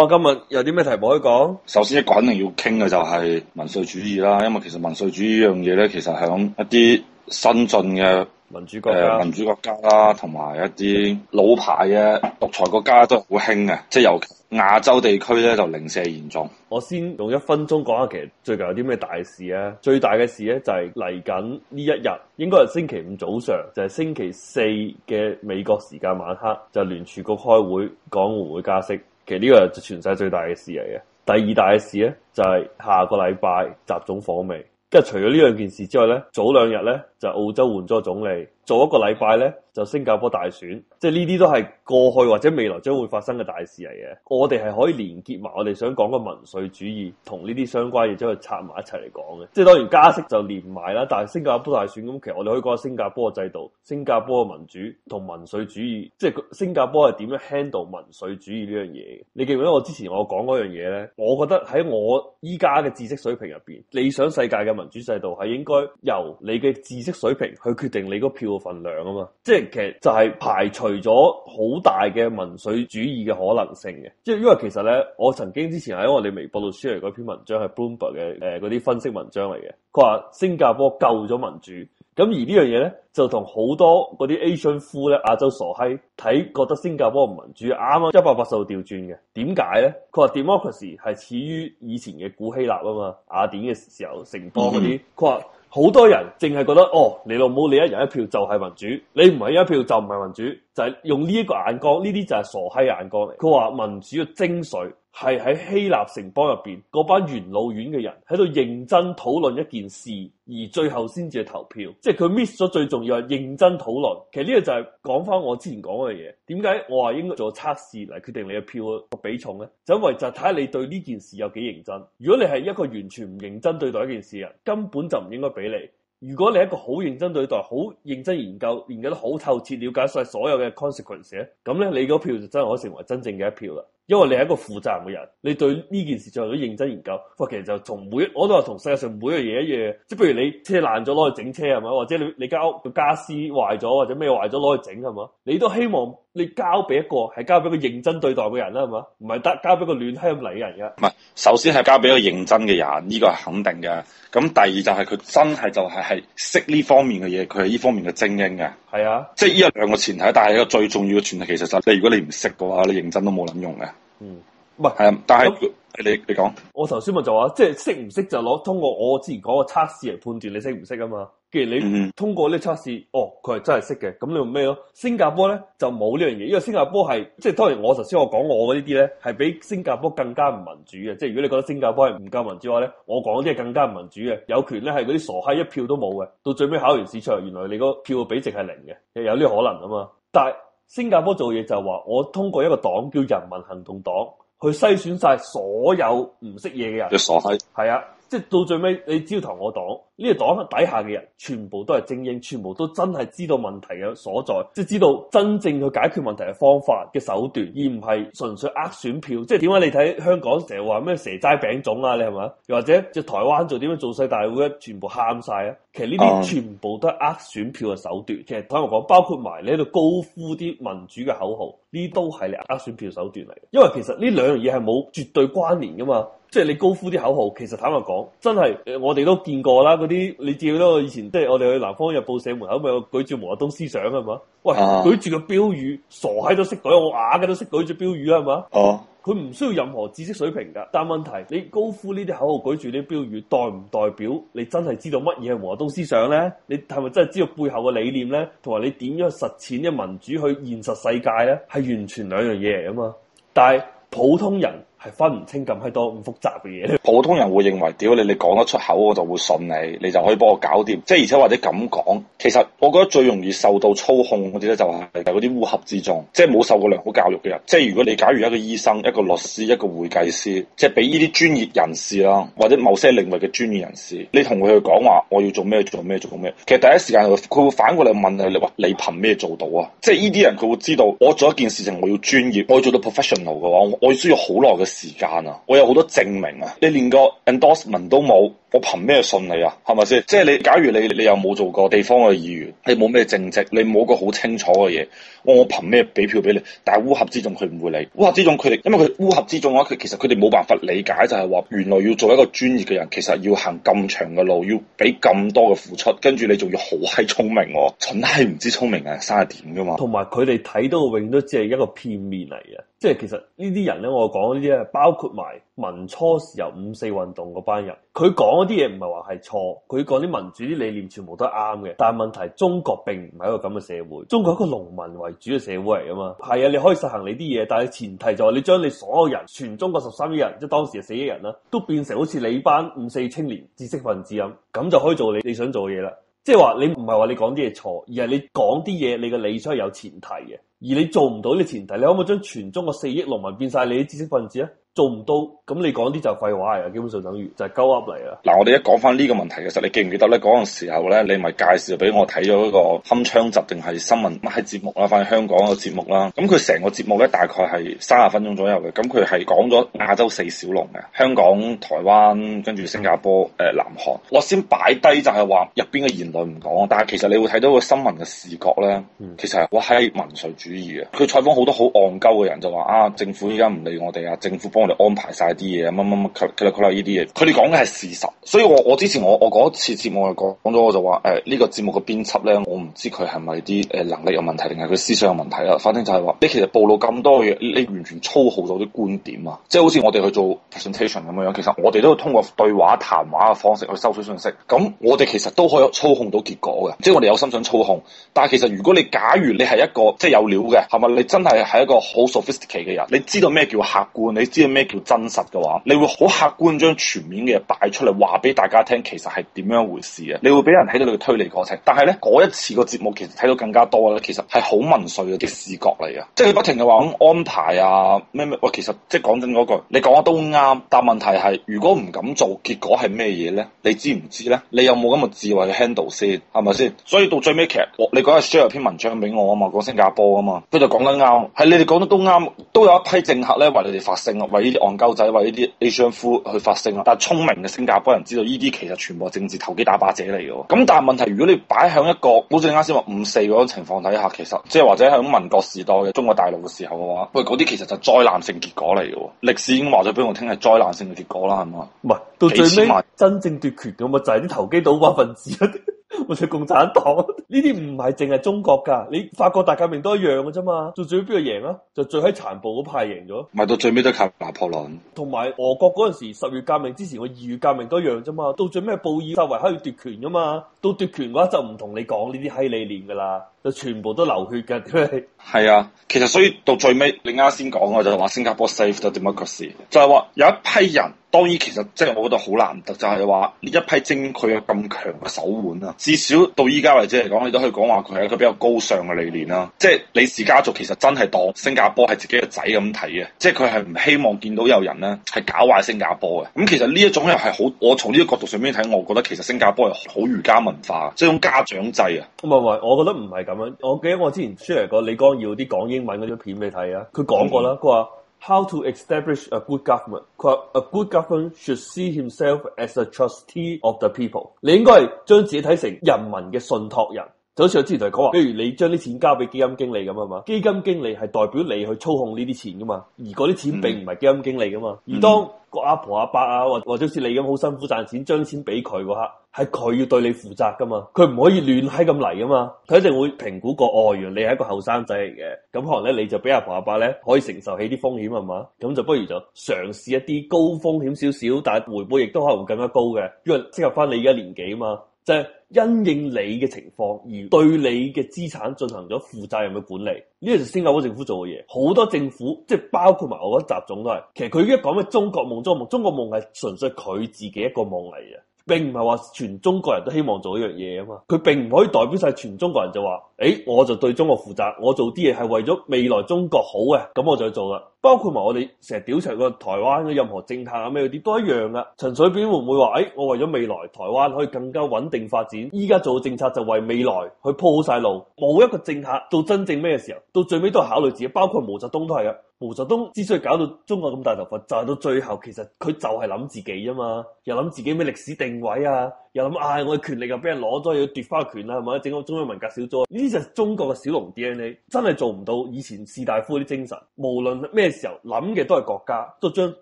我、哦、今日有啲咩題目可以講？首先，一個肯定要傾嘅就係民粹主義啦。因為其實民粹主義呢樣嘢咧，其實響一啲新進嘅民主國、呃、民主國家啦，同埋一啲老牌嘅獨裁國家都好興嘅。即係尤其亞洲地區咧，就零舍嚴重。我先用一分鐘講下，其實最近有啲咩大事咧？最大嘅事咧就係嚟緊呢一日，應該係星期五早上，Sir, 就係星期四嘅美國時間晚黑，就聯、是、儲局開會講會唔會加息？其實呢個係全世界最大嘅事嚟嘅。第二大嘅事咧就係、是、下個禮拜集中火未？跟住除咗呢兩件事之外呢，早兩日呢，就是、澳洲換咗個總理。做一個禮拜咧，就新加坡大選，即係呢啲都係過去或者未來將會發生嘅大事嚟嘅。我哋係可以連結埋我哋想講嘅民粹主義同呢啲相關嘢，將佢插埋一齊嚟講嘅。即係當然加息就連埋啦，但係新加坡大選咁，其實我哋可以講下新加坡嘅制度、新加坡嘅民主同民粹主義，即係新加坡係點樣 handle 民粹主義呢樣嘢？你記唔記得我之前我講嗰樣嘢咧？我覺得喺我依家嘅知識水平入邊，理想世界嘅民主制度係應該由你嘅知識水平去決定你個票。份量啊嘛，即係其實就係排除咗好大嘅民粹主義嘅可能性嘅，即係因為其實咧，我曾經之前喺我哋微博度 share 嚟嗰篇文章係 Bloomberg 嘅誒嗰啲分析文章嚟嘅，佢話新加坡救咗民主，咁而呢樣嘢咧就同好多嗰啲 Asian fool 咧亞洲傻閪睇覺得新加坡唔民主啱啊，一百八十度調轉嘅，點解咧？佢話 Democracy 係始於以前嘅古希臘啊嘛，雅典嘅時候城邦嗰啲，佢話。好多人淨係覺得，哦，你老母你一人一票就係民主，你唔係一人一票就唔係民主，就係用呢一個眼光，呢啲就係傻閪眼光嚟。佢話民主嘅精髓，係喺希臘城邦入邊，嗰班元老院嘅人喺度認真討論一件事，而最後先至去投票。即係佢 miss 咗最重要係認真討論。其實呢個就係講翻我之前講嘅嘢。點解我話應該做測試嚟決定你嘅票個比重呢？就因為就睇下你對呢件事有幾認真。如果你係一個完全唔認真對待一件事嘅人，根本就唔應該俾你。如果你係一個好認真對待、好認真研究、研究得好透徹、了解晒所有嘅 consequence 咧，咁咧你嗰票就真係可以成為真正嘅一票啦。因為你係一個負責任嘅人，你對呢件事做咗認真研究。不過其實就從每我都話同世界上每樣嘢一樣，即係譬如你車爛咗攞去整車係嘛，或者你你間屋個家私壞咗或者咩壞咗攞去整係嘛，你都希望你交俾一個係交俾個認真對待嘅人啦係嘛，唔係得交俾個亂鄉泥人嘅。唔係，首先係交俾個認真嘅人，呢、呢個係肯定嘅。咁第二就係佢真係就係係識呢方面嘅嘢，佢係呢方面嘅精英嘅。係啊，即係呢有兩個前提，但係一個最重要嘅前提，其實就係你如果你唔識嘅話，你認真都冇撚用嘅。嗯，唔係，係啊是，但係那你你講，我頭先問就話，即係識唔識就攞通過我之前講個測試嚟判斷你識唔識啊嘛。既然你通過呢測試，哦，佢係真係識嘅，咁你咪咩咯？新加坡咧就冇呢樣嘢，因為新加坡係即係當然我頭先我講我呢啲咧，係比新加坡更加唔民主嘅。即係如果你覺得新加坡係唔夠民主話咧，我講啲係更加唔民主嘅，有權咧係嗰啲傻閪一票都冇嘅。到最尾考完市場，原來你個票的比值係零嘅，有呢可能啊嘛。但係。新加坡做嘢就係話，我通過一個黨叫人民行動黨去篩選晒所有唔識嘢嘅人，傻閪？係啊，即係到最尾你只要投我黨，呢個黨底下嘅人全部都係精英，全部都真係知道問題嘅所在，即係知道真正去解決問題嘅方法嘅手段，而唔係純粹呃選票。即係點解你睇香港成日話咩蛇齋餅粽啊？你係咪？又或者就台灣做點樣做世大會，全部喊晒啊！其實呢啲全部都係呃選票嘅手段，其實坦白講，包括埋你喺度高呼啲民主嘅口號，呢都係你呃選票手段嚟。因為其實呢兩樣嘢係冇絕對關聯噶嘛，即係你高呼啲口號，其實坦白講，真係我哋都見過啦，嗰啲你知到我以前，即係我哋去南方日報社門口咪有舉住毛澤東思想係嘛？喂，啊、舉住個標語，傻閪都識舉，我啞嘅都識舉住標語係嘛？哦。啊佢唔需要任何知識水平㗎，但問題你高呼呢啲口號，舉住啲標語，代唔代表你真係知道乜嘢係毛澤東思想呢？你係咪真係知道背後嘅理念呢？同埋你點樣實踐一民主去現實世界呢？係完全兩樣嘢嚟㗎嘛！但係普通人。係分唔清咁係多咁複雜嘅嘢。普通人會認為，屌你你講得出口，我就會信你，你就可以幫我搞掂。即係而且或者咁講，其實我覺得最容易受到操控嗰啲咧，就係嗰啲烏合之眾，即係冇受過良好教育嘅人。即係如果你假如一個醫生、一個律師、一個會計師，即係俾呢啲專業人士啦，或者某些領域嘅專業人士，你同佢去講話，我要做咩做咩做咩，其實第一時間佢會反過嚟問你你話：你，你憑咩做到啊？即係呢啲人佢會知道，我做一件事情我要專業，我要做到 professional 嘅話，我要需要好耐嘅。時間啊，我有好多證明啊，你連個 endorsement 都冇。我憑咩信你啊？係咪先？即係你，假如你你又冇做過地方嘅議員，你冇咩政績，你冇個好清楚嘅嘢，我我憑咩俾票俾你？但係烏合之眾佢唔會理，烏合之眾佢哋，因為佢烏合之眾嘅話，佢其實佢哋冇辦法理解就係話，原來要做一個專業嘅人，其實要行咁長嘅路，要俾咁多嘅付出，跟住你仲要好閪聰明啊，蠢閪唔知聰明啊，生係點㗎嘛？同埋佢哋睇到永遠都只係一個片面嚟嘅，即係其實呢啲人咧，我講呢啲咧，包括埋。民初時候五四運動嗰班人，佢講嗰啲嘢唔係話係錯，佢講啲民主啲理念全部都係啱嘅。但係問題中國並唔係一個咁嘅社會，中國係一個農民為主嘅社會嚟噶嘛？係啊，你可以實行你啲嘢，但係前提就係你將你所有人全中國十三億人，即係當時係四億人啦，都變成好似你班五四青年知識分子咁，咁就可以做你你想做嘅嘢啦。即係話你唔係話你講啲嘢錯，而係你講啲嘢你嘅理想有前提嘅，而你做唔到呢前提，你可唔可以將全中國四億農民變晒你啲知識分子啊？做唔到，咁你講啲就廢話嚟啊！基本上等於就係鳩 up 嚟啦。嗱，我哋一講翻呢個問題嘅、那個、時候，你記唔記得咧？嗰陣時候咧，你咪介紹俾我睇咗一個《鏗鏘集》定係新聞，唔係節目啦，反而香港節個節目啦。咁佢成個節目咧，大概係卅分鐘左右嘅。咁佢係講咗亞洲四小龍嘅，香港、台灣、跟住新加坡、誒、呃、南韓。我先擺低就係話入邊嘅言論唔講，但係其實你會睇到個新聞嘅視覺咧，其實係我嗨民粹主義嘅。佢採訪好多好戇鳩嘅人就，就話啊，政府依家唔理我哋啊，政府幫我哋安排晒啲嘢，乜乜乜，佢佢哋佢哋呢啲嘢，佢哋講嘅係事實，所以我我之前我我一次節目嘅講講咗我就話誒、呃這個、呢個節目嘅編輯咧，我唔知佢係咪啲誒能力有問題定係佢思想有問題啦。反正就係話你其實暴露咁多嘢，你完全操控咗啲觀點啊，即係好似我哋去做 presentation 咁樣樣，其實我哋都要通過對話談話嘅方式去收取信息。咁我哋其實都可以操控到結果嘅，即係我哋有心想操控。但係其實如果你假如你係一個即係、就是、有料嘅，係咪你真係係一個好 sophisticated 嘅人？你知道咩叫客觀，你知。咩叫真實嘅話？你會好客觀，將全面嘅嘢擺出嚟話俾大家聽，其實係點樣回事啊？你會俾人睇到你嘅推理過程。但係咧，嗰一次個節目其實睇到更加多咧，其實係好民粹嘅視覺嚟嘅，即係佢不停嘅話咁安排啊咩咩。喂，其實即係講真嗰句，你講得都啱，但問題係如果唔敢做，結果係咩嘢咧？你知唔知咧？你有冇咁嘅智慧去 handle 先？係咪先？所以到最尾，其實我你嗰日 share 篇文章俾我啊嘛，講新加坡啊嘛，佢就講得啱，係你哋講得都啱，都有一批政客咧為你哋發聲呢啲戇鳩仔或呢啲地商夫去發聲啦，但係聰明嘅新加坡人知道呢啲其實全部係政治投機打靶者嚟嘅喎。咁但係問題，如果你擺喺一個好似你啱先話五四嗰種情況底下，其實即係或者喺民國時代嘅中國大陸嘅時候嘅話，喂嗰啲其實就災難性結果嚟嘅喎。歷史已經話咗俾我聽係災難性嘅結果啦，係嘛？唔係到最尾真正奪權嘅咪就係、是、啲投機賭棍分子。我哋共產黨呢啲唔係淨係中國噶，你法國大革命都一樣嘅啫嘛，到最尾邊個贏啊？就最喺殘暴嗰派贏咗，唔係到最尾都靠拿破崙。同埋俄國嗰陣時十月革命之前我二月革命都一樣啫嘛，到最尾布爾什維克要奪權噶嘛，到奪權嘅話就唔同你講呢啲閪理念噶啦。就全部都流血㗎，佢係啊，其實所以到最尾，你啱先講嘅就係話新加坡 save 得點乜嘅事，就係、是、話有一批人，當然其實即係、就是、我覺得好難得，就係話呢一批精英佢有咁強嘅手腕啊，至少到依家為止嚟講，你都可以講話佢係一個比較高尚嘅理念啦。即係李氏家族其實真係當新加坡係自己嘅仔咁睇嘅，即係佢係唔希望見到有人咧係搞壞新加坡嘅。咁、嗯、其實呢一種人係好，我從呢個角度上面睇，我覺得其實新加坡係好儒家文化，即係種家長制啊。唔係我覺得唔係。咁樣，我記得我之前 share 過李光耀啲講英文嗰張片俾你睇啊。佢講過啦，佢話：How to establish a good government？佢話：A good government should see himself as a trustee of the people。你應該係將自己睇成人民嘅信託人，就好似我之前同你講話，譬如你將啲錢交俾基金經理咁啊嘛，基金經理係代表你去操控呢啲錢噶嘛，而嗰啲錢並唔係基金經理噶嘛，嗯、而當個阿婆阿伯啊，或或者好似你咁好辛苦賺錢，將錢俾佢喎。係佢要對你負責噶嘛，佢唔可以亂閪咁嚟噶嘛，佢一定會評估過哦，原來你係一個後生仔嚟嘅，咁可能咧你就俾阿爸阿爸咧可以承受起啲風險係嘛，咁就不如就嘗試一啲高風險少少，但係回報亦都可能會更加高嘅，因為適合翻你而家年紀啊嘛，即係因應你嘅情況而對你嘅資產進行咗負責任嘅管理，呢個就係新加坡政府做嘅嘢，好多政府即係包括埋我習總都係，其實佢而家講咩中國夢、中國夢，中國夢係純粹佢自己一個夢嚟嘅。並唔係話全中國人都希望做呢樣嘢啊嘛，佢並唔可以代表晒全中國人就話，誒、欸，我就對中國負責，我做啲嘢係為咗未來中國好嘅，咁我就去做啦。包括埋我哋成日屌柒個台灣嘅任何政策啊咩嗰啲都一樣噶。陳水扁會唔會話？誒、哎，我為咗未來台灣可以更加穩定發展，依家做嘅政策就為未來去鋪好晒路。冇一個政客到真正咩嘅時候，到最尾都係考慮自己。包括毛澤東都係噶，毛澤東之所以搞到中國咁大頭髮，就係到最後其實佢就係諗自己啫嘛，又諗自己咩歷史定位啊。又諗唉、哎！我嘅權力又俾人攞咗，要奪返權啦，係咪整個中央文革小組？呢就中國嘅小龍 DNA，真係做唔到以前士大夫啲精神。無論咩時候諗嘅都係國家，都將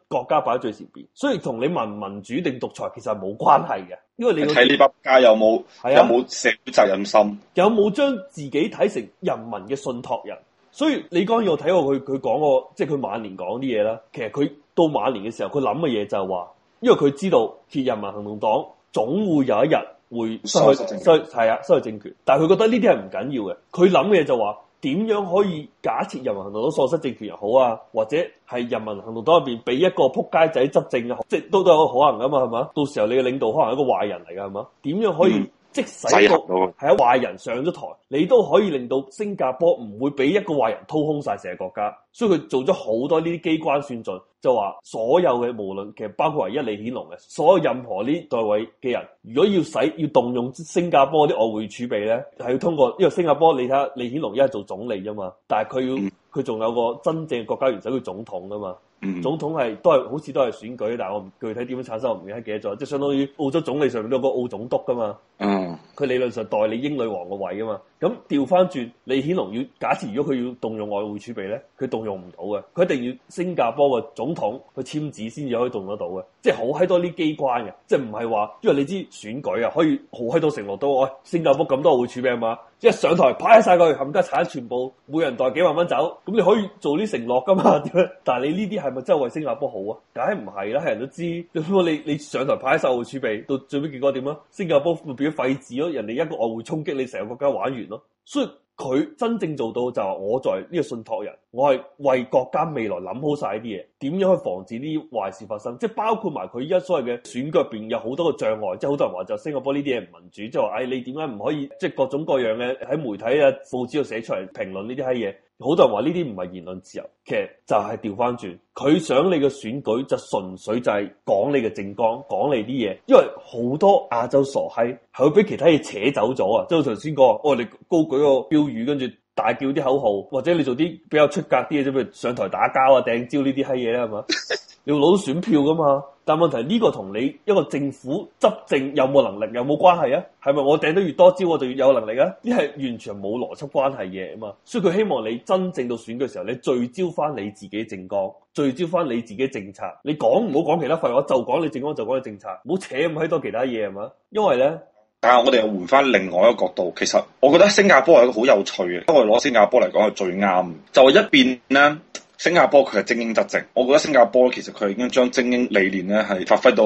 國家擺喺最前邊。所以同你民民主定獨裁其實係冇關係嘅，因為你睇呢班家有冇有冇，啊、社會責任心，有冇將自己睇成人民嘅信託人。所以你剛睇過佢佢講過，即係佢晚年講啲嘢啦。其實佢到晚年嘅時候，佢諗嘅嘢就係話，因為佢知道鐵人民行動黨。總會有一日會失去，失去，係啊，失去政權。但係佢覺得呢啲係唔緊要嘅。佢諗嘅就話，點樣可以假設人民行動黨喪失政權又好啊，或者係人民行動黨入邊俾一個仆街仔執政又好，即係都都有個可能噶嘛，係嘛？到時候你嘅領導可能係一個壞人嚟㗎，係嘛？點樣可以？嗯即使到係一壞人上咗台，你都可以令到新加坡唔會俾一個壞人掏空晒成個國家，所以佢做咗好多呢啲機關算盡，就話所有嘅無論其實包括唯一李顯龍嘅所有任何呢代位嘅人，如果要使要動用新加坡啲外匯儲備咧，係要通過，因為新加坡你睇下李顯龍一係做總理啫嘛，但係佢要佢仲有個真正國家元首叫總統噶嘛。總統係都係好似都係選舉，但係我唔具體點樣產生，我唔記得幾多咗。即係相當於澳洲總理上面都有個澳總督㗎嘛。嗯，佢理論上代理英女王個位㗎嘛。咁調返轉李顯龍要假設如果佢要動用外匯儲備咧，佢動用唔到嘅。佢一定要新加坡嘅總統去簽字先至可以動得到嘅。即係好閪多啲機關嘅，即係唔係話因為你知選舉啊，可以好閪多承諾都。喂、哎，新加坡咁多外匯儲備啊嘛。即係上台，派曬佢冚家鏟，全部每人袋幾萬蚊走，咁你可以做啲承諾㗎嘛？點樣？但係你呢啲係咪真係為新加坡好啊？梗係唔係啦？係人都知，你你上台派曬外匯儲備，到最尾結果點啊？新加坡會變咗廢紙咯！人哋一個外匯衝擊你，你成個國家玩完咯，所佢真正做到就係我在呢個信託人，我係為國家未來諗好曬呢啲嘢，點樣去防止呢啲壞事發生，即包括埋佢而家所謂嘅選舉入面，有好多嘅障礙，即好多人話就新加坡呢啲嘢唔民主，即話誒你點解唔可以即各種各樣嘅喺媒體啊、報紙寫出嚟評論呢啲閪嘢？好多人話呢啲唔係言論自由，其實就係調翻轉，佢想你嘅選舉就純粹就係講你嘅政綱，講你啲嘢，因為好多亞洲傻閪係會俾其他嘢扯走咗啊！即係我頭先講，我哋高舉個標語，跟住大叫啲口號，或者你做啲比較出格啲嘢，譬如上台打交啊、掟蕉呢啲閪嘢啦，係嘛？ 要攞到選票噶嘛？但問題呢個同你一個政府執政有冇能力有冇關係啊？係咪我掟得越多招我就越有能力啊？呢係完全冇邏輯關係嘢啊嘛！所以佢希望你真正到選舉嘅時候，你聚焦翻你自己政綱，聚焦翻你自己政策。你講唔好講其他廢話，就講你政綱，就講你政策，唔好扯咁閪多其他嘢，係嘛？因為咧，但係我哋又換翻另外一個角度，其實我覺得新加坡係一個好有趣嘅，因為攞新加坡嚟講係最啱，就係、是、一邊咧。新加坡佢係精英執政，我覺得新加坡其實佢已經將精英理念咧係發揮到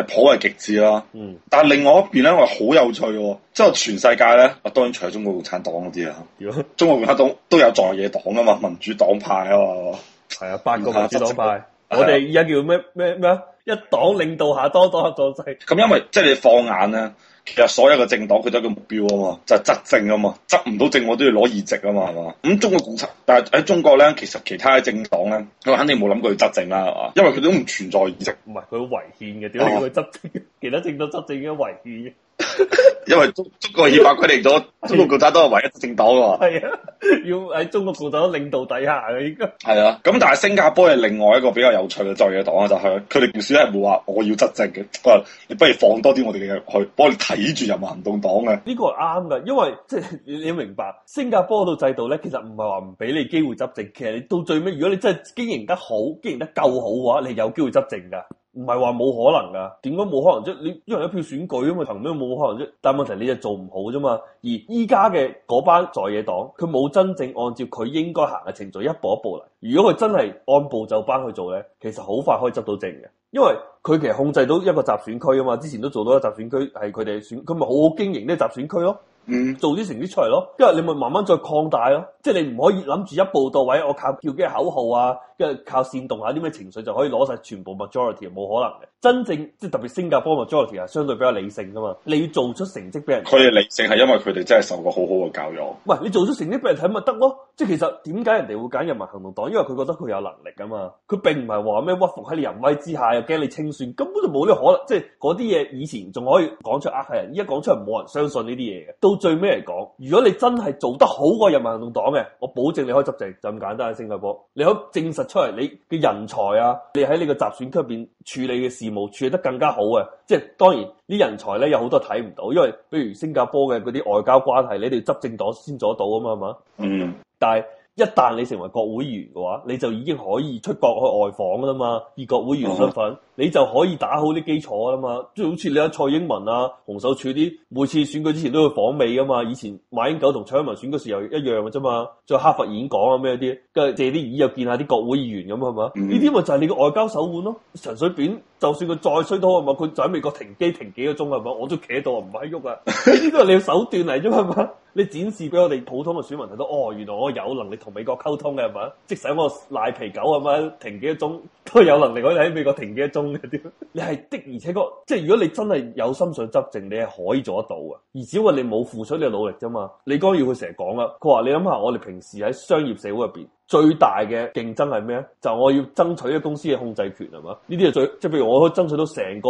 誒頗為極致啦。嗯，但係另外一邊咧，我係好有趣喎，即係全世界咧，我當然除咗中國共產黨嗰啲啦，如果 中國共產黨都有在野黨啊嘛，民主黨派啊嘛，係 啊，班民主黨派，我哋依家叫咩咩咩啊？一黨領導下多黨共濟，咁 因為即係你放眼咧。其實所有嘅政黨佢都係個目標啊嘛，就係、是、執政啊嘛，執唔到政我都要攞議席啊嘛，係嘛。咁中國共產，但係喺中國咧，其實其他嘅政黨咧，佢肯定冇諗過去執政啦，係嘛。因為佢都唔存在議席。唔係佢好違憲嘅，點解要佢執政？Oh. 其他政黨執政已經違憲。 因為中國個憲法規定咗，中國共產黨都係唯一政黨喎。係啊，要喺中國共產黨領導底下嘅，依家係 啊。咁但係新加坡係另外一個比較有趣嘅在野黨啊，就是，就係佢哋唔少係冇話我要執政嘅，佢話你不如放多啲我哋嘅去，幫你睇住人民行動黨咧。呢個係啱嘅，因為即係你明白新加坡嗰制度咧，其實唔係話唔俾你機會執政，其實你到最尾，如果你真係經營得好，經營得夠好嘅話，你有機會執政噶。唔係話冇可能噶，點解冇可能啫？你因為一票選舉啊嘛，憑咩冇可能啫。但係問題你就做唔好啫嘛。而依家嘅嗰班在野黨，佢冇真正按照佢應該行嘅程序一步一步嚟。如果佢真係按部就班去做咧，其實好快可以執到正嘅，因為佢其實控制到一個集選區啊嘛。之前都做到一個集選區係佢哋選，佢咪好好經營呢個集選區咯，嗯、做啲成績出嚟咯。因為你咪慢慢再擴大咯，即係你唔可以諗住一步到位，我靠叫啲口號啊！跟住靠煽動下啲咩情緒就可以攞晒全部 majority，冇可能嘅。真正即係特別新加坡 majority 係相對比較理性噶嘛，你要做出成績俾人。佢嘅理性係因為佢哋真係受過好好嘅教育。唔係你做出成績俾人睇咪得咯？即係其實點解人哋會揀人民行動黨？因為佢覺得佢有能力噶嘛。佢並唔係話咩屈服喺你淫威之下，又驚你清算，根本就冇呢可能。即係嗰啲嘢以前仲可以講出呃人，依家講出嚟冇人相信呢啲嘢嘅。到最尾嚟講，如果你真係做得好過人民行動黨嘅，我保證你可以執政。就咁簡單。喺新加坡你可以證實。出嚟，你嘅人才啊，你喺你個集選區邊處理嘅事務，處理得更加好啊。即係當然啲人才咧，有好多睇唔到，因為譬如新加坡嘅嗰啲外交關係，你哋執政黨先做得到啊嘛，係嘛，嗯，但係。一旦你成為國會議員嘅話，你就已經可以出國去外訪啦嘛，以國會議員身份，你就可以打好啲基礎啦嘛。即係好似你阿蔡英文啊、洪秀柱啲，每次選舉之前都會訪美噶嘛。以前馬英九同蔡英文選舉時又一樣嘅啫嘛，再哈佛演講啊咩啲，跟住借啲耳又見下啲國會議員咁係嘛。呢啲咪就係你嘅外交手腕咯。陳水扁就算佢再衰都好啊嘛，佢就喺美國停機停幾個鐘係嘛，我都企喺度，啊唔喺喐啊。呢個係你嘅手段嚟啫嘛。你展示俾我哋普通嘅選民睇到，哦，原來我有能力。同美國溝通嘅係嘛？即使我賴皮狗咁樣停幾多鐘，都有能力可以喺美國停幾多鐘嘅。你係的，而且確即係如果你真係有心想執政，你係可以做得到嘅。而只係你冇付出你嘅努力啫嘛。李光耀佢成日講啦，佢話你諗下，我哋平時喺商業社會入邊最大嘅競爭係咩啊？就係我要爭取一公司嘅控制權係嘛？呢啲係最即係譬如我可以爭取到成個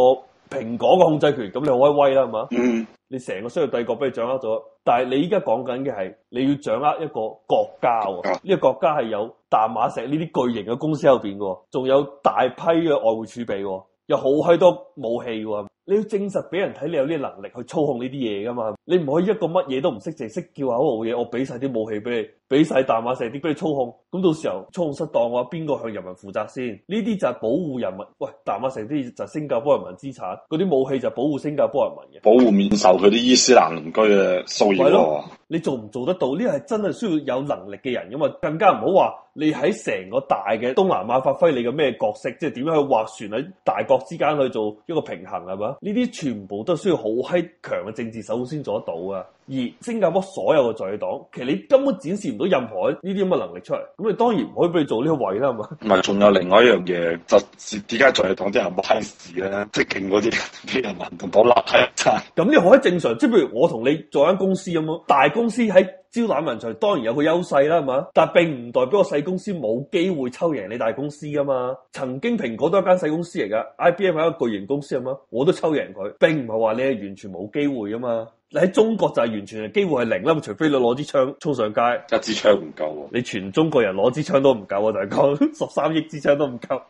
蘋果嘅控制權，咁你好威威啦嘛？嗯。你成個商業帝國俾你掌握咗，但係你依家講緊嘅係你要掌握一個國家喎，呢個國家係有淡馬錫呢啲巨型嘅公司入邊嘅，仲有大批嘅外匯儲備，有好閪多武器嘅，你要證實俾人睇你有啲能力去操控呢啲嘢噶嘛，你唔可以一個乜嘢都唔識淨識叫口號嘢，我俾晒啲武器俾你。俾晒大馬成啲俾你操控，咁到時候操控失當嘅話，邊個向人民負責先？呢啲就係保護人民，喂，大馬成啲就新加坡人民資產，嗰啲武器就保護新加坡人民嘅，保護免受佢啲伊斯蘭鄰居嘅騷擾。係咯，你做唔做得到？呢個係真係需要有能力嘅人的，因為更加唔好話你喺成個大嘅東南亞發揮你嘅咩角色，即係點樣去划船喺大國之間去做一個平衡係咪？呢啲全部都需要好閪強嘅政治手先做得到啊！而新加坡所有嘅在野黨，其實你根本展示唔到任何呢啲咁嘅能力出嚟，咁你當然唔可以俾佢做呢個位啦，係嘛？唔係，仲有另外一樣嘢，就而家在野黨真係冇閪事啦，即係勁嗰啲啲人民同黨鬧一齊。咁 你個好正常，即係譬如我同你做間公司咁咯，大公司喺招攬人才，當然有佢優勢啦，係嘛？但係並唔代表我細公司冇機會抽贏你大公司噶嘛？曾經蘋果都係一間細公司嚟噶，IBM 係一個巨型公司咁嘛，我都抽贏佢，並唔係話你係完全冇機會噶嘛？你喺中國就係完全係機會係零啦，除非你攞支槍衝上街，一支槍唔夠喎，你全中國人攞支槍都唔夠啊，就係講十三億支槍都唔夠。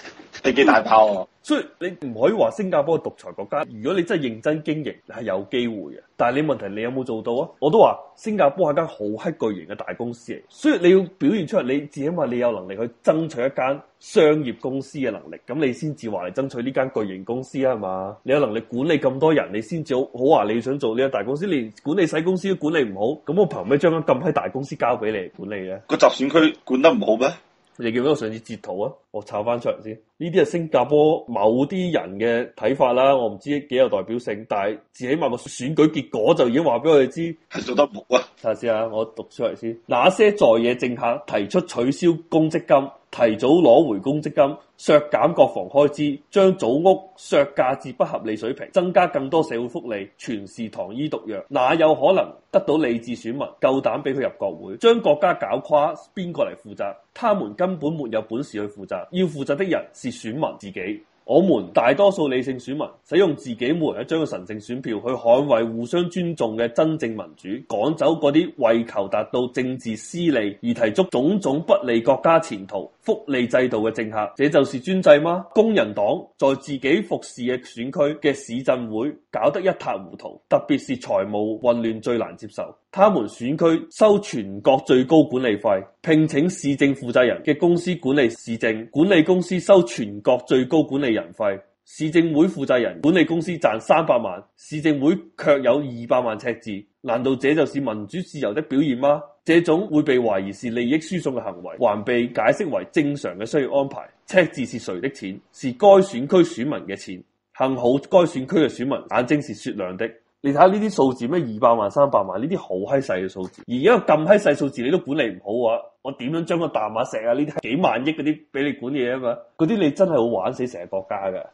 你幾大炮啊！ 所以你唔可以話新加坡係獨裁國家。如果你真係認真經營，係有機會嘅。但係你問題，你有冇做到啊？我都話新加坡係間好黑巨型嘅大公司嚟，所以你要表現出嚟你自己話你有能力去爭取一間商業公司嘅能力，咁你先至話你爭取呢間巨型公司啊嘛。你有能力管理咁多人，你先至好話你想做呢個大公司。你連管理細公司都管理唔好，咁我憑咩將咁閪大公司交俾你管理呢？個集選區管得唔好咩？你記唔記得上次截圖啊？我抄返出嚟先，呢啲係新加坡某啲人嘅睇法啦，我唔知幾有代表性，但係最起碼個選舉結果就已經話俾我哋知係做得唔好啊！睇下先啊，我讀出嚟先。哪些在野政客提出取消公積金、提早攞回公積金、削減國防開支、將祖屋削價至不合理水平、增加更多社會福利，全是糖衣毒藥，哪有可能得到理智選民夠膽俾佢入國會？將國家搞垮，邊個嚟負責？他們根本沒有本事去負責。要負責的人是選民自己。我們大多數理性選民使用自己每一張嘅神聖選票去捍衛互相尊重嘅真正民主，趕走嗰啲為求達到政治私利而提出種種不利國家前途福利制度嘅政客。這就是專制嗎？工人黨在自己服侍嘅選區嘅市鎮會搞得一塌糊塗，特別是財務混亂最難接受。他們選區收全國最高管理費，聘請市政負責人嘅公司管理市政，管理公司收全國最高管理人費，市政會負責人管理公司賺三百萬，市政會卻有二百萬赤字，難道這就是民主自由的表現嗎？這種會被懷疑是利益輸送嘅行為，還被解釋為正常嘅需要安排。赤字是誰的錢？是該選區選民嘅錢。幸好該選區嘅選民眼睛是雪亮的。你睇下呢啲數字咩？二百萬、三百萬呢啲好閪細嘅數字，而一個咁閪細數字你都管理唔好啊。我點樣將個大馬石啊？呢啲幾萬億嗰啲俾你管嘢啊嘛？嗰啲你真係好玩死成個國家嘅，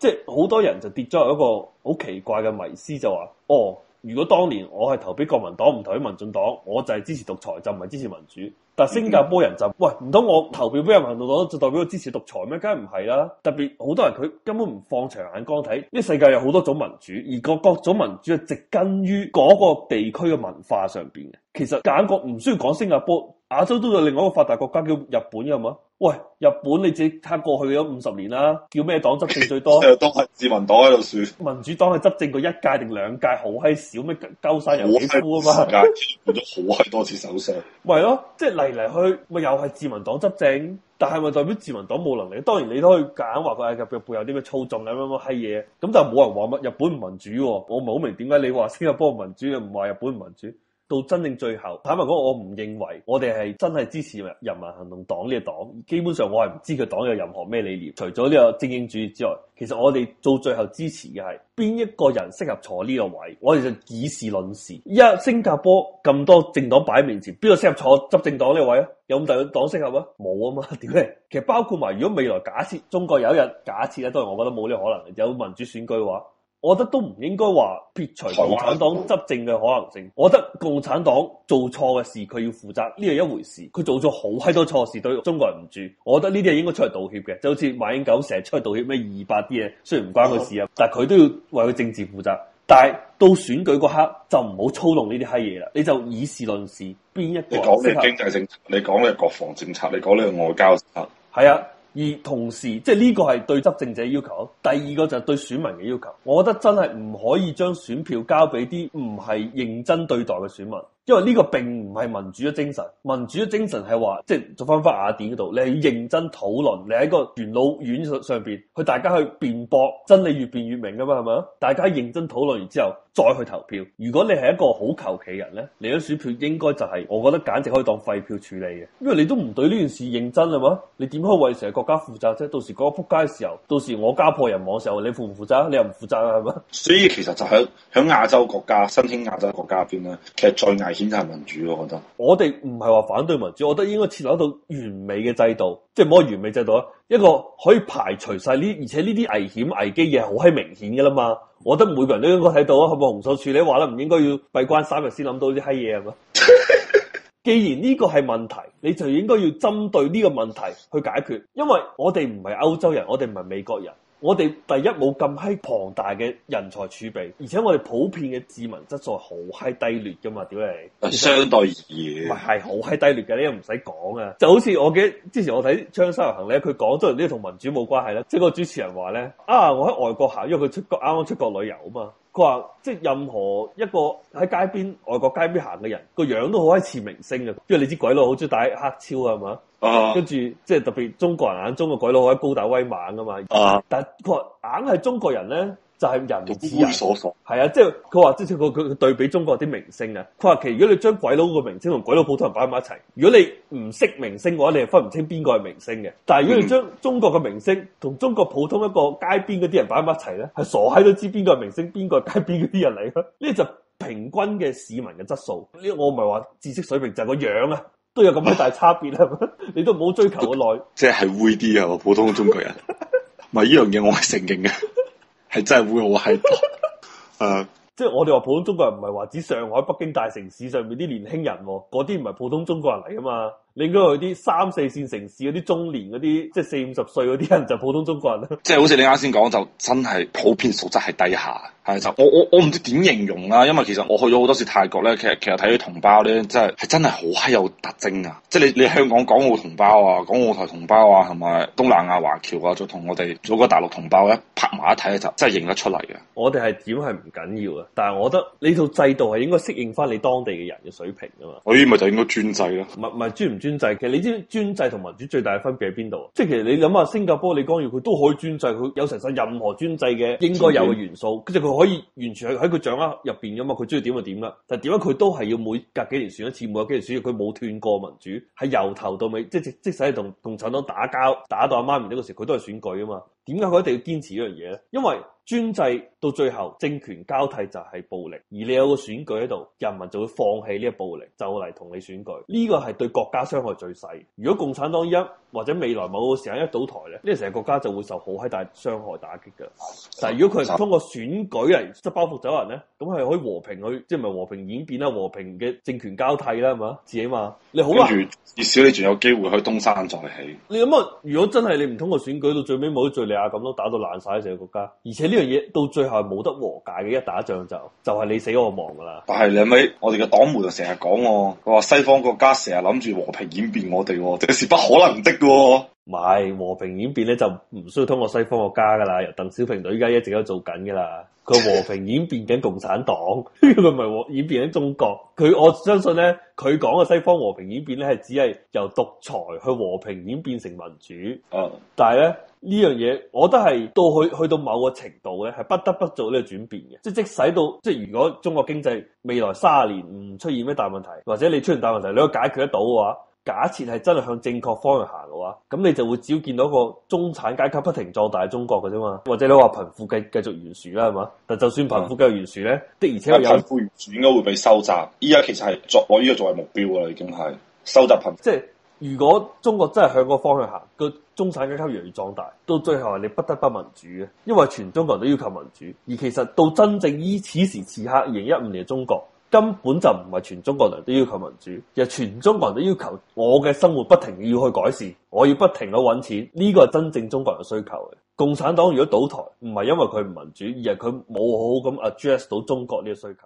即係好多人就跌咗喺一個好奇怪嘅迷思，就話：哦，如果當年我係投俾國民黨，唔投俾民進黨，我就係支持獨裁，就唔係支持民主。但新加坡人就喂，唔通我投票俾人民行動黨就代表我支持獨裁咩？梗係唔係啦！特別，好多人佢根本唔放長眼光睇，呢世界有好多種民主，而各個各種民主係植根於嗰個地區嘅文化上邊嘅。其實簡講唔需要講新加坡。亞洲都有另外一個發達國家叫日本嘅，係嘛？喂，日本你自己睇過去咗五十年啦，叫咩黨執政最多？都係自民黨喺度選。民主黨係執政過一屆定兩屆好閪少咩？鳩山由紀夫啊嘛？日本都變咗好閪多次首相。係咯，即係嚟嚟去，咪又係自民黨執政，但係咪代表自民黨冇能力？當然你都可以揀話佢入邊背有啲咩操縱咁樣乜閪嘢，咁就冇人話乜日本唔民主。我唔係好明點解你話新加坡民主，又唔話日本唔民主。到真正最後，坦白講，我唔認為我哋係真係支持人民行動黨呢個黨。基本上我係唔知佢黨有任何咩理念，除咗呢個精英主義之外，其實我哋做最後支持嘅係邊一個人適合坐呢個位，我哋就以事論事。一新加坡咁多政黨擺喺面前，邊個適合坐執政黨呢個位啊？有咁大個黨適合啊？冇啊嘛，屌咧？其實包括埋如果未來假設中國有一日假設咧，都係我覺得冇呢個可能。有民主選舉嘅話。我覺得都唔應該話撇除共產黨執政嘅可能性。我覺得共產黨做錯嘅事佢要負責呢係一回事。佢做咗好閪多錯事對中國人唔住，我覺得呢啲應該出嚟道歉嘅。就好似馬英九成日出嚟道歉咩二二八啲嘢，雖然唔關佢事啊，但係佢都要為佢政治負責。但係到選舉嗰刻就唔好操弄呢啲閪嘢啦，你就以事論事，邊一個？你講嘅經濟政策，你講嘅國防政策，你講嘅外交政策，係啊。而同時，即係呢個係對執政者的要求；第二個就係對選民嘅要求。我覺得真係唔可以將選票交俾啲唔係認真對待嘅選民。因為呢個並唔係民主嘅精神，民主嘅精神係話，即係做翻翻雅典嗰度，你係要認真討論，你喺個元老院上上邊，去大家去辯駁，真理越辯越明噶嘛，係嘛？大家認真討論完之後再去投票。如果你係一個好求其人咧，你啲選票應該就係，我覺得簡直可以當廢票處理嘅，因為你都唔對呢件事認真啊嘛，你點可以為成個國家負責啫？到時嗰個撲街嘅時候，到時我家破人亡嘅時候，你負唔負責？你又唔負責啊？係嘛？所以其實就喺喺亞洲國家、新興亞洲國家入邊咧，其實最選擇民主，我覺得我哋唔係話反對民主，我覺得應該設立一套完美嘅制度，即係冇完美制度啊，一個可以排除晒呢，而且呢啲危險危機嘢，好閪明顯噶啦嘛，我覺得每個人都應該睇到啊，係咪紅樹處理話啦，唔應該要閉關三日先諗到啲閪嘢係嘛？ 既然呢個係問題，你就應該要針對呢個問題去解決，因為我哋唔係歐洲人，我哋唔係美國人。我哋第一冇咁閪龐大嘅人才儲備，而且我哋普遍嘅市民質素好閪低劣嘅嘛，屌你！相對而言，唔係好閪低劣嘅，呢啲唔使講啊！就好似我記得之前我睇《槍殺遊行》咧，佢講都唔知同民主冇關係咧。即、那、係個主持人話咧：啊，我喺外國行，因為佢出國啱啱出國旅遊啊嘛。佢話即係任何一個喺街邊外國街邊行嘅人，個樣都好閪似明星嘅，即係你知鬼佬好中意戴黑超啊嘛。跟住即係特別中國人眼中嘅鬼佬，可以高大威猛㗎嘛。啊！但係硬係中國人咧、啊，就係、是、人知人傻係啊，即係佢話即前佢佢對比中國啲明星啊，佢話其實如果你將鬼佬嘅明星同鬼佬普通人擺埋一齊，如果你唔識明星嘅話，你係分唔清邊個係明星嘅。但係如果你將中國嘅明星同中國普通一個街邊嗰啲人擺埋一齊咧，係、嗯、傻喺都知邊個係明星，邊個係街邊嗰啲人嚟咯。呢就平均嘅市民嘅質素。呢我唔係話知識水平，就係、是、個樣啊。都有咁樣大差別係、啊、 你都唔好追求是是 好耐，即係會啲啊！普通中國人咪呢樣嘢，我係承認嘅，係真係會好係誒，即係我哋話普通中國人唔係話指上海、北京大城市上面啲年輕人，嗰啲唔係普通中國人嚟㗎嘛。你應該去啲三四線城市嗰啲中年嗰啲，即係四五十歲嗰啲人就普通中國人啦。即係好似你啱先講，就真係普遍素質係低下。係就我我我唔知點形容啦、啊，因為其實我去咗好多次泰國咧，其實其實睇啲同胞咧，真係係真係好閪有特徵啊！即係你你香港港澳同胞啊，港澳台同胞啊，同埋東南亞華僑啊，再同我哋祖國大陸同胞咧，拍埋一睇就真係認得出嚟嘅。我哋係點係唔緊要嘅，但係我覺得呢套制度係應該適應翻你當地嘅人嘅水平噶嘛。嗰咪就應該專制咯。唔係唔專唔專制，其實你知專制同民主最大嘅分別喺邊度啊？即係其實你諗下新加坡李光耀佢都可以專制，佢有成身任何專制嘅應該有嘅元素，即係佢。可以完全係喺佢掌握入邊噶嘛，佢中意點就點啦。但點解佢都係要每隔幾年選一次，每隔幾年選，佢冇斷過民主，係由頭到尾，即係即使係同共產黨打交打到阿媽唔喐嗰時候，佢都係選舉啊嘛。點解佢一定要堅持呢樣嘢咧？因為專制到最後政權交替就係暴力，而你有個選舉喺度，人民就會放棄呢個暴力，就嚟同你選舉。呢個係對國家傷害最細。如果共產黨一或者未來某個時間一倒台咧，呢個成個國家就會受好閪大傷害打擊噶。但係如果佢係通過選舉嚟執包袱走人咧，咁係可以和平去，即係咪和平演變啦，和平嘅政權交替啦，係嘛？自己嘛，你好啊。至少你仲有機會去東山再起。你諗下，如果真係你唔通過選舉到最尾冇得最。啊咁，都打到爛晒成個國家，而且呢樣嘢到最後冇得和解嘅，一打仗就就係、是、你死我亡噶啦。但係你諗下我哋嘅黨媒就成日講佢話西方國家成日諗住和平演變我哋、啊，這是不可能的、啊。唔係和平演變咧，就唔需要通過西方國家噶啦。由鄧小平到依家一直都做緊噶啦，佢和平演變緊共產黨，佢唔係演變緊中國。佢我相信咧，佢講嘅西方和平演變咧，係只係由獨裁去和平演變成民主。哦、嗯，但係咧呢樣嘢，這個、我都係到去去到某個程度咧，係不得不做呢個轉變嘅。即係即使到即係如果中國經濟未來卅年唔出現咩大問題，或者你出現大問題，你都解決得到嘅話。假設係真係向正確方向行嘅話，咁你就會只要見到個中產階級不停壯大中國嘅啫嘛。或者你話貧富繼繼續懸殊啦，係嘛？但就算貧富繼續懸殊咧，嗯、的而且確貧富懸殊應該會被收窄。依家其實係作我呢個作為目標啦，已經係收窄貧。即係如果中國真係向嗰個方向行，個中產階級越嚟越壯大，到最後係你不得不民主嘅，因為全中國人都要求民主。而其實到真正依此時此刻，二零一五年嘅中國。根本就唔係全中國人都要求民主，又全中國人都要求我嘅生活不停要去改善，我要不停去揾錢，呢個係真正中國人嘅需求嘅。共產黨如果倒台，唔係因為佢唔民主，而係佢冇好好咁 address 到中國呢個需求。